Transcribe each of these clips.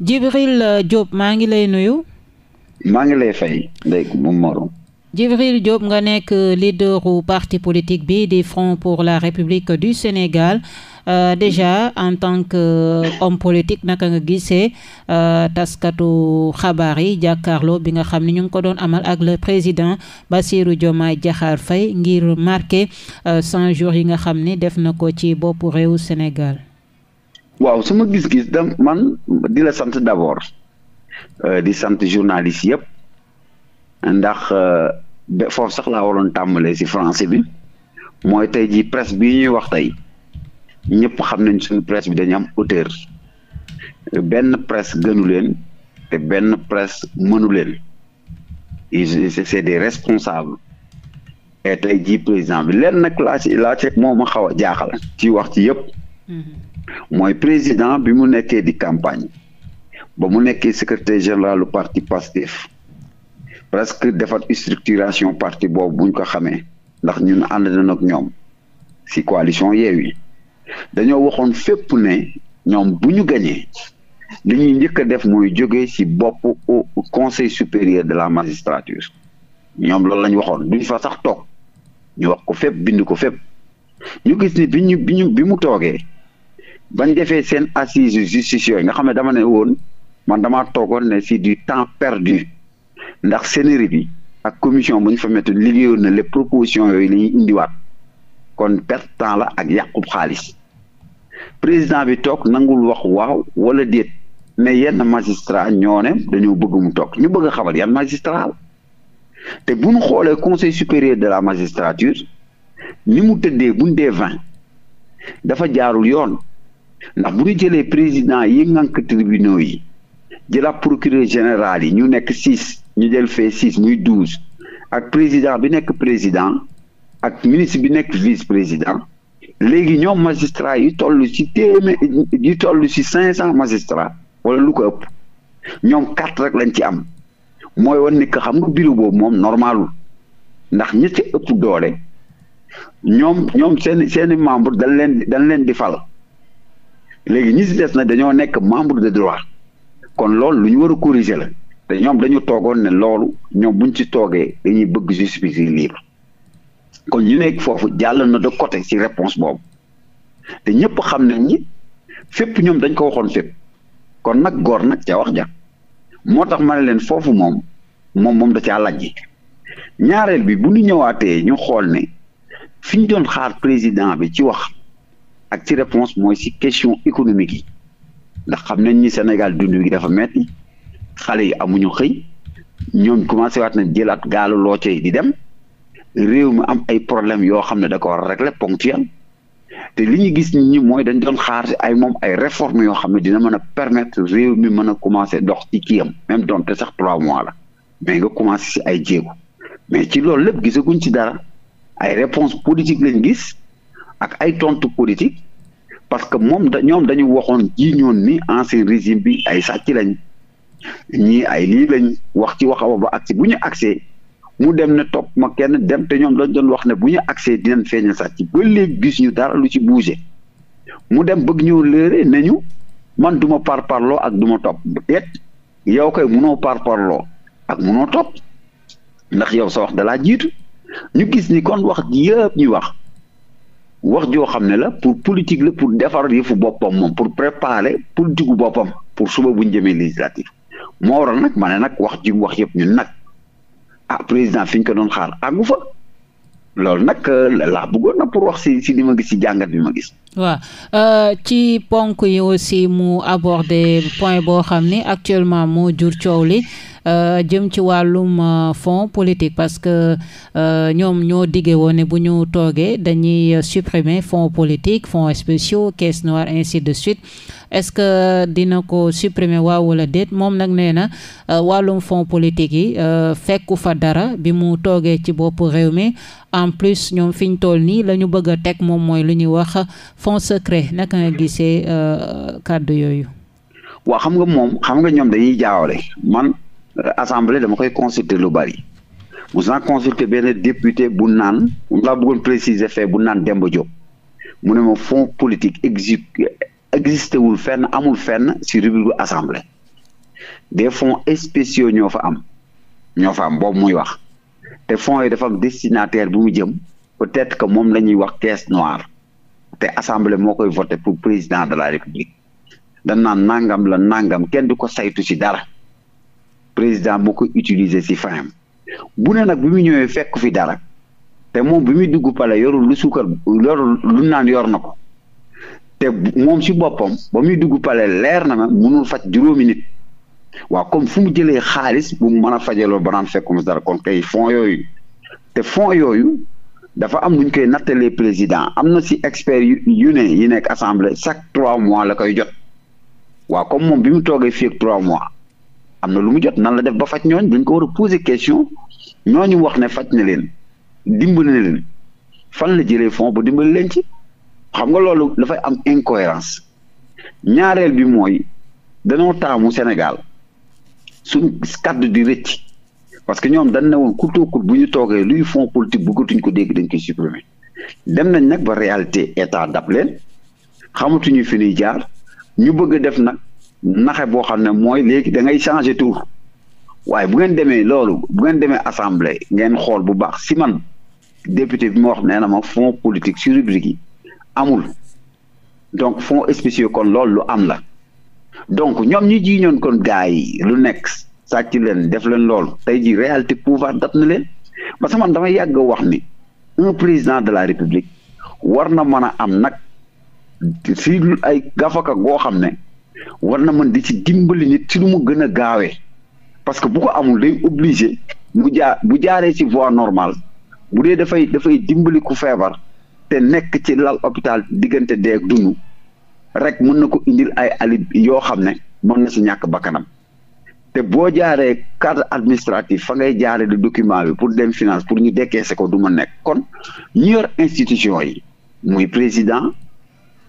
Djibril euh, Diop maa ngi lay nuyu. maa ngi lay fay léegi mu moroom. Djibril Diop nga nekk euh, leader u parti politique bi di Front pour la République du Sénégal euh, déjà en tant que euh, homme politique naka nga gisee euh, taskatu xabaar yi jàkkaarloo bi nga xam ne ñu ngi ko doon amal ak le président Bassirou Diomaye Diakhar Faye ngir marqué 100 yi nga xam ne def na ko ci boppu réewu Sénégal. waaw suma gis-gis da man di la sant d'abord euh, di sant journaliste yëpp ndax euh, foofu sax laa waroon tàmbalee ci français bi mooy tey ji presse bi ñuy wax tey ñëpp xam nañ suñu presse bi dañu am auteur benn presse gënu leen te benn presse mënu leen c'est des responsables et tey ji président bi leen nag laa ci laa moo ma xaw a jaaxal ci wax ci yëpp mm-hmm. mooy président bi mu nekkee di campagne ba mu nekkee secrétaire général lu parti Pastef presque defat structuration parti boobu buñ ko xamee ndax ñun ànd na ak ñoom si yeew yi dañoo waxoon fépp ne ñoom bu ñu gañee li ñuy njëkk a def mooy jóge si bopp u conseil supérieur de la magistrature ñoom loolu lañ waxoon duñ fa sax toog ñu wax ko fépp bind ko fépp ñu gis ni bi mu toogee bañ defee seen assise justice yi nga xam ne dama ne woon man damaa toogoon ne si du temps perdu ndax sénéri bi ak commission bu ñu fa mettu liggéeyoon na les propositions yooyu la indiwaat kon perte temps la ak yàqub xaalis président bi toog nangul wax waaw wala déet mais yenn magistrat ñoo ne dañoo bëgg mu toog ñu bëgg a xamal yan magistrat te bu ñu xoolee conseil supérieur de la magistrature ni mu tëddee buñ dee vingt dafa jaarul yoon ndax bu ñu jëlee président yi ngànk tribunaux yi jëlaat procureur général yi ñu nekk six ñu jël fee six muy douze ak président bi nekk président ak ministre bi nekk vice président léegi ñoom magistrat yi toll si téeméer yi toll ci cinq cent magistrat wala lu ko ëpp ñoom quatre rek lañ ci am mooy wan ni que xam nga bureau boobu moom normalul ndax ñi ci ëpp doole ñoom ñoom seen seeni membre dañ leen dañ leen di fal léegi ñi si des na dañoo nekk membre de droit kon loolu lu ñu war a corriger la te ñoom dañu toogoon ne loolu ñoom buñ ci toogee dañuy bëgg justice libre kon ñu nekk foofu jàll na de côté ci réponse boobu te ñëpp xam na ni fépp ñoom dañ ko waxoon fépp kon nag góor nag ca wax ja moo tax ma ne leen foofu moom moom moom da caa lajji ñaareel bi bu ñu ñëwaatee ñu xool ne fi ñu doon xaar président bi ci wax ak ci réponse mooy si question économique yi ndax xam nañ ni Sénégal dund gi dafa metti xale yi amuñu xëy ñoom commencé waat nañ jëlaat gaalu loo yi di dem réew mi am ay problème yoo xam ne da ko war a régler ponctuel te li ñu gis ñi mooy dañ doon xaar ay moom ay réformes yoo xam ne dina mën a permettre réew mi mën a commencé dox ci kiyam même donte sax trois mois la mais nga commencé si ay jéego mais ci loolu lépp gisaguñ ci dara ay réponse politique lañ gis ak ay tontu politique parce que moom da ñoom dañu waxoon ji ñoon ni ancien régime bi ay sàcc lañ ñii ay lii lañ wax ci wax ba agsi bu ñu agsee mu dem ne topp ma kenn dem te ñoom dañ doon wax ne bu ñu agsee dinañ feeñal sàcc ba léegi gis ñu dara lu ci bougé mu dem bëgg ñëw léere ne ñu man duma ma parparloo ak du ma topp déet yow kay munoo parparloo ak munoo topp ndax yow sa wax dalaa jiitu ñu gis ni kon wax ji ñu wax wax joo xam ne la pour politique la pour defar yëfu boppam moom pour préparer politique gu boppam pour suba bu ñu jëmee législative moo waral nag ma ne nag wax ji wax yëpp ñu nag ah président fi ñu ko doon xaar àggu fa loolu nag euh, laa buggoon nag pour wax si si li ma gis si jàngat bi ma gis. waaw euh, ci ponk yi aussi mu abordé point boo xam ni actuellement moo jur coow li. Euh, jëm ci wàllum euh, fonds politique parce que euh, ñoom ñoo diggee woon ne bu ñu toogee dañuy supprimer fonds politique fonds spéciaux caisse noire ainsi de suite est-ce que dina ko supprimer waaw wala déet moom nag nee na wàllum fonds politique yi fekku fa dara bi mu toogee ci bopp réew mi en plus ñoom fi ñu toll nii la ñu bëgg a teg moom mooy lu ñuy wax fonds secret naka nga gisee kàddu yooyu. waaw xam nga moom xam nga ñoom dañuy jaawale man. assemblée dama koy consulter lu bari mos naa consulter benn député bu naan mu laa bëggoon préciser fait bu naan Demba Diop mu ne ma fonds politique exi existé wul fenn amul fenn si rubrique bu assemblée des fonds spéciaux ñoo fa am ñoo fa am boobu muy wax te fons yi dafa am destinataire bu mu jëm peut-être que moom la ñuy wax caisse noir te assemblée moo koy voté pour président de la république dañ naan nangam la nangam kenn du ko saytu si dara. président mu ko utiliser si fayam bu ne nag bi mu ñëwee fekk fi dara te moom bi muy dugg pale yorul lu suukar yorul lu naan yor na ko te moom si boppam ba muy dugg pale leer na ma mënul faj juróomi nit waaw comme fu mu jëlee xaalis bu mu mën a fajaloo ba naan fekkum dara kon kay fon yooyu te fonds yooyu dafa am lu ñu koy nattalee président am na si expert yu ne yi nekk assemblée chaque trois mois la koy jot waa comme moom bi mu toogee fi ak trois mois am na lu mu jot nan la def ba faj ñooñ dañ ko war a poser question ñooñu wax ne faj na leen dimbali na leen fan la jëlee fond ba dimbali leen ci xam nga loolu dafay am incohérence ñaareel bi mooy danoo taamu Sénégal su kaddu di rëcc parce que ñoom dañ na woon kutóokut bu ñu toogee luy fond politique bëggatuñ ko dégg dañ koy supprimer dem nañ nag ba réalité état dab leen xamatuñu fi ñuy jaar ñu bëgg a def nag naxe boo xam ne mooy léegi da ngay changer tour waaye bu ngeen demee loolu bu ngeen demee assemblée ngeen xool bu baax si man député bi ma wax nee na ma fonds politique si rubrique yi amul donc fonds spéciaux kon loolu lu am la donc ñoom ñi ji ñoon kon gars yi lu nekk sàcc leen def leen loolu tey ji réalité pouvoir dab na leen parce que man damay yàgg wax ni un président de la république war na mën a am nag si ay gafaka goo xam ne war na man di ci dimbali nit ci lu mu gën a gaawee parce que bu ko amul day obligé mu jaar bu jaaree si voie normal bu dee dafay dafay dimbali ku feebar te nekk ci lal hôpital diggante dee dund rek mën na ko indil ay alib yoo xam ne mën na si ñàkk bakkanam te boo jaaree cadre administratif fa ngay jaare di document bi pour dem finance pour ñu décaisser ko du ma nekk kon ñu yor institution yi muy président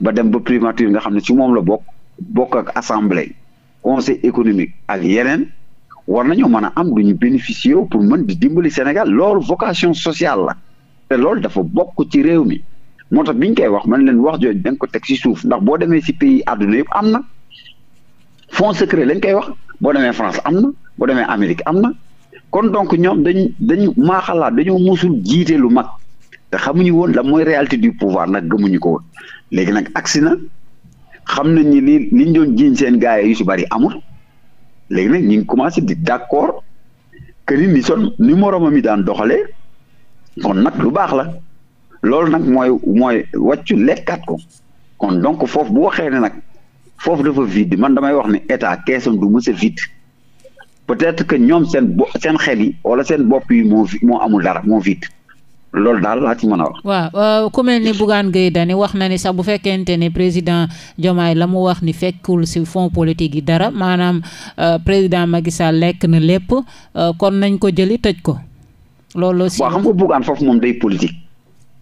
ba dem ba primature nga xam ne si moom la bokk bokk ak assemblée conseil économique ak yeneen war nañoo mën a am lu ñu bénéficier pour mën di dimbali Sénégal loolu vocation sociale la te loolu dafa bokk ci réew mi moo tax biñ koy wax man leen wax jooju dañ ko teg si suuf ndax boo demee si pays àdduna yëpp am na fonds secret lañ koy wax boo demee France am na boo demee Amérique am na kon donc ñoom dañ dañu maaxalaat dañoo musul jiitee lu mag te xamuñu woon la mooy réalité du pouvoir nag gëmuñu ko woon léegi nag agsi na xam nañ ni li liñ doon jiiñ seen gaay yu si bari amul léegi nag ñu ngi commencé di d'accord que ni ni son ni moroomam yi daan doxalee kon nag lu baax la loolu nag mooy mooy wàccu lekkaat ko kon donc foofu bu waxee ne nag foofu dafa vide man damay wax ne état keesam du mës a vide peut-être que ñoom seen seen xel yi wala seen bopp yi moo moo amul dara moo vide loolu daal laa ci mën a wax. waaw ku mel ni Bougane Gueye Dany wax na ni sax bu fekkente ne président Diomaye la mu wax ni fekkul si fonds politique yi dara maanaam euh, président Macky Sall lekk na lépp euh, kon nañ ko jëli tëj ko. loolu si waaw xam nga Bougane foofu moom day politique.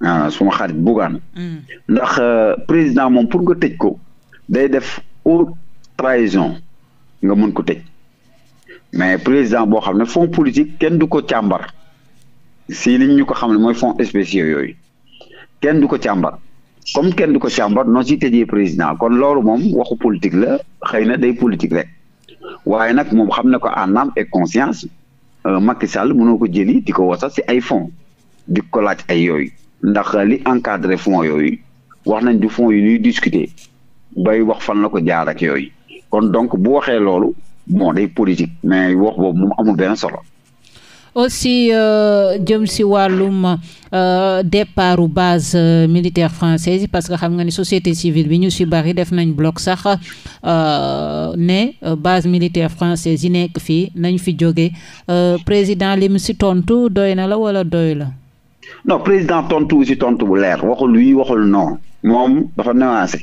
ah suma xarit Bougane. Hmm. ndax euh, président moom pour nga tëj ko. day def haute trahison nga mën ko tëj. mais président boo xam ne fonds politique kenn du ko càmbar. si li ñu ko xam ne mooy fonds spéciaux yooyu kenn du ko càmbar comme kenn du ko càmbar non si tëjee président kon loolu moom waxu politique la xëy na day politique rek waaye nag moom xam na ko en âme et conscience euh, Macky Sall mënoo ko jëli di ko wasa si ay fonds di ko laaj ay yooyu ndax li encadré fonds yooyu wax nañ du fonds yi ñuy discuter bay wax fan la ko jaar ak yooyu kon donc bu waxee loolu moo day politique mais wax boobu moom amul benn solo. aussi euh, jëm si wàllum euh, départu base euh, militaire française yi parce que xam nga ni société civile bi ñu si bari def nañu bloc sax ne base militaire française yi nekk fii nañu fi jóge président li mu si tontu doy na la wala doy la. non président tontu si tontu bu leer waxul oui waxul non moom dafa nuancé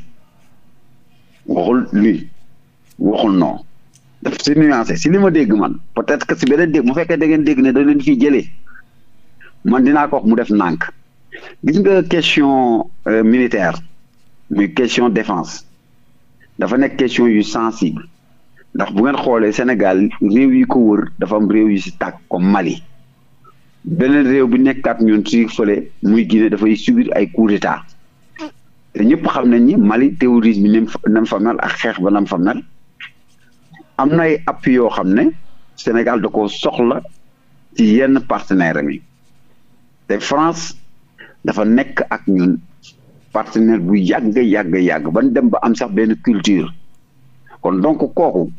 waxul oui waxul non. daf si nuancé si li ma dégg man peut-être que si beneen dégg mu fekkee da ngeen dégg ne da leen fiy jëlee man dinaa ko mu def nànk gis nga question euh, militaire muy question défense dafa nekk question yu sensible ndax bu ngeen xoolee Sénégal réew yi ko wër dafa am réew yu si tàkk comme Mali beneen réew bi nekkaat ñun si fële muy Guinée dafay subir ay coup d'état te ñëpp xam nañ ñi Mali terrorisme bi ni mu fa mel ak xeex ba na mu fa mel am na ay appui yoo xam ne Sénégal da ko soxla ci yenn partenaire yi te France dafa nekk ak ñun partenaire bu yàgg yàgg yàgg ban dem ba am sax benn culture kon donc kooku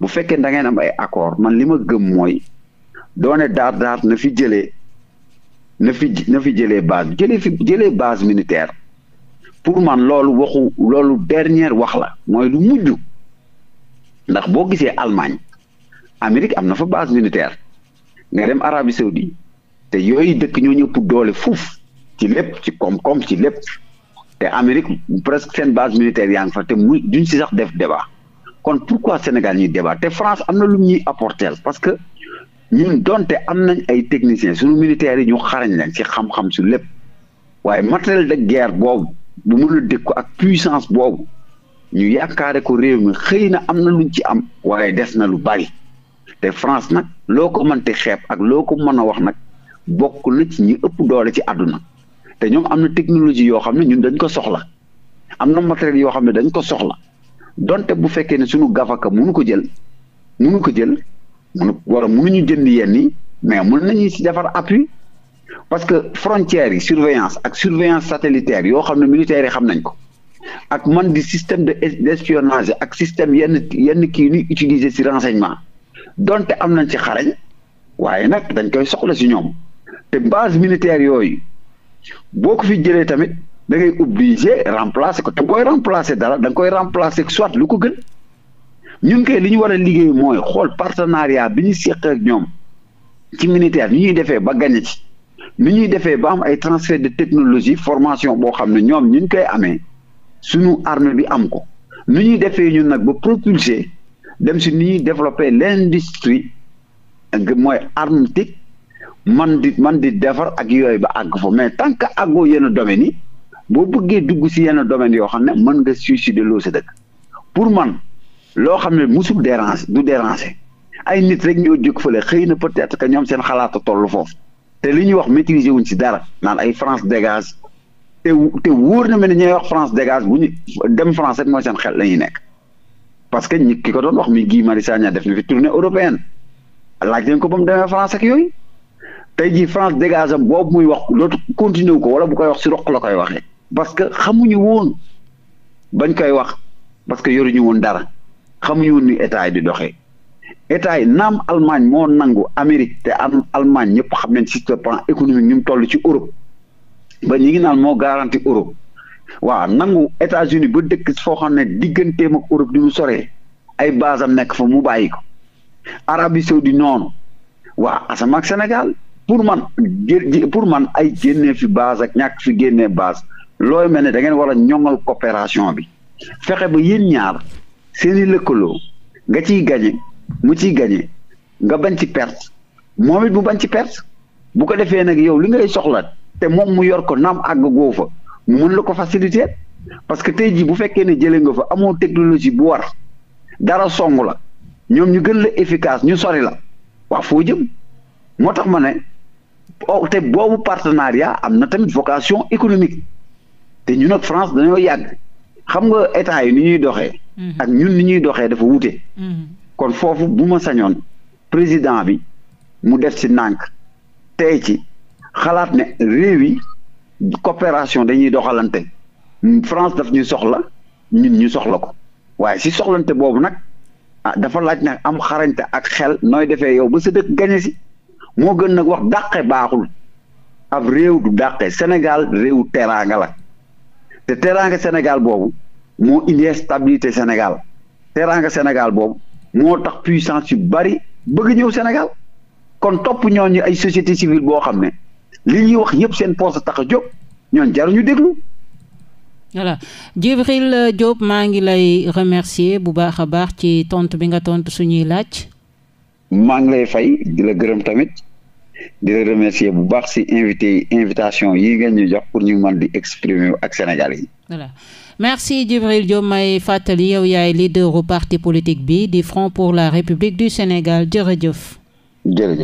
bu fekkee da ngeen am ay accord man li ma gëm mooy doone daar daar na fi jëlee na fi na fi jëlee base jëlee jëlee base militaire pour man loolu waxu loolu dernière wax la mooy lu mujj ndax boo gisee Allemagne Amérique am na fa base militaire nga dem Arabie Saoudi te yooyu dëkk ñoo ñëpp doole fuuf ci lépp ci koom-koom ci lépp te Amérique presque seen base militaire yaa ngi fa te muy duñ si sax def débat kon pourquoi Sénégal ñuy débat te France am na lu ñuy apporter parce que ñu donte am nañ ay techniciens suñu militaires yi ñu xarañ leen ci xam-xam su lépp waaye matériel de guerre boobu bu mën a dëkku ak puissance boobu ñu yaakaare ko réew mi xëy na am na luñ ci am waaye des na lu bari te France nag loo ko mënti xeep ak loo ko mën a wax nag bokk na ci ñi ëpp doole ci àdduna te ñoom am na technologie yoo xam ne ñun dañ ko soxla am na matériel yoo xam ne dañ ko soxla donte bu fekkee ne suñu gafaka mënu ko jël mënu ko jël mënu wala ñu jënd yenn yi mais mun nañu ci defar appui parce que frontières yi surveillance ak surveillance satellitaire yoo xam ne militaires yi xam nañ ko ak man di système de d'espionnage ak système yenn yenn kii ñuy utiliser ci renseignement donte am nañ ci xarañ waaye nag dañ koy soxla ci ñoom te base militaire yooyu boo ko fi jëlee tamit da ngay obligé remplacer ko te booy remplacer dara da nga koy remplacer soit lu ko gën ñun koy li ñu war a liggéey mooy xool partenariat bi ñu seq ak ñoom ci militaire ni ñuy defee ba gagné ci nu ñuy defee ba am ay transfert de technologie formation boo xam ne ñoom ñu koy amee. sunu armée bi am ko nu ñuy defee ñun nag ba propulser dem si ni ñuy développer l'industrie mooy armatique man di man di defar ak yooyu ba àgg fa mais tant que àggoo yenn domaines yi boo bëggee dugg si yenn domaines yoo xam ne mën nga suicider loo sa dëkk pour man loo xam ne musul déranger du déranger ay nit rek ñoo jóg fële xëy na peut-être que ñoom seen xalaat a toll foofu te li ñuy wax maîtriser wuñ si dara naan ay France dégage te te wóor na ma ne ñooy wax France dégage bu ñu dem France rek mooy seen xel la ñuy nekk parce que ñi ki ko doon wax mi Guy Marius Sagna def na fi tournée européenne laaj leen ko ba mu demee France ak yooyu tey jii France dégage am boobu muy wax dootu continué wu ko wala bu koy wax si roq la koy waxee parce que xamuñu woon bañ koy wax parce que yoruñu woon dara xamuñu woon ni état yi di doxee état yi naam Allemagne moo nangu Amérique te am Allemagne ñëpp xam nañ sur le plan économique ñu ci Europe. ba ñi ngi naan moo garanti Europe waa nangu États-Unis ba dëkk foo xam ne digganteem ak Europe di mu soree ay base nekk fa mu bàyyi ko Arabie Saoudite noonu waa asama ak Sénégal pour man pour man ay génnee fi base ak ñàkk fi génnee baas looy mel ne da ngeen war a ñoŋal coopération bi fexe ba yéen ñaar seen lëkkaloo nga ciy gañe mu ciy gañe nga bañ ci perte moom it bu bañ ci perte bu ko defee nag yow li ngay soxla te moom mu yor ko naam àgg goo fa mu mun la ko faciliter parce que tey jii bu fekkee ne jëlee nga fa amoo technologie bu war dara song la ñoom ñu gën la efficace ñu sori la waaw foo jëm moo tax ma ne oh te boobu partenariat am na tamit vocation économique te ñun ak France dañoo yàgg xam nga état yi ni ñuy doxee. Mhm. ak ñun ni ñuy doxee dafa wute. Mhm. kon foofu bu ma sañoon président bi mu def ci nànk tey ci. xalaat ne réew yi coopération dañuy doxalante France daf ñu soxla ñun ñu soxla ko waaye si soxlante boobu nag ah dafa laaj na am xarañte ak xel nooy defee yow ba sa dëkk gañe si moo gën nag wax dàqe baaxul ab réew du dàqe Sénégal réewu teraanga la te teraanga Sénégal boobu moo indi stabilité Sénégal teraanga Sénégal boobu moo tax puissance yu bari bëgg ñëw Sénégal kon topp ñooñu ay société civile boo xam ne li ñuy wax yëpp seen poste tax a jóg ñoon jaruñu déglu. voilà Djibril Diop maa ngi lay remercier bu baax a baax ci tont bi nga tont suñuy laaj. maa ngi lay fay di la gërëm tamit di la remercier bu baax si invité invitation yi ngeen ñu jox pour ñu mën di exprimer ak Sénégalais yi. voilà merci Djibril Diop may fàttali yow yaay leaderu parti politique bi di Front pour la République du Sénégal jërëjëf. jërëjëf.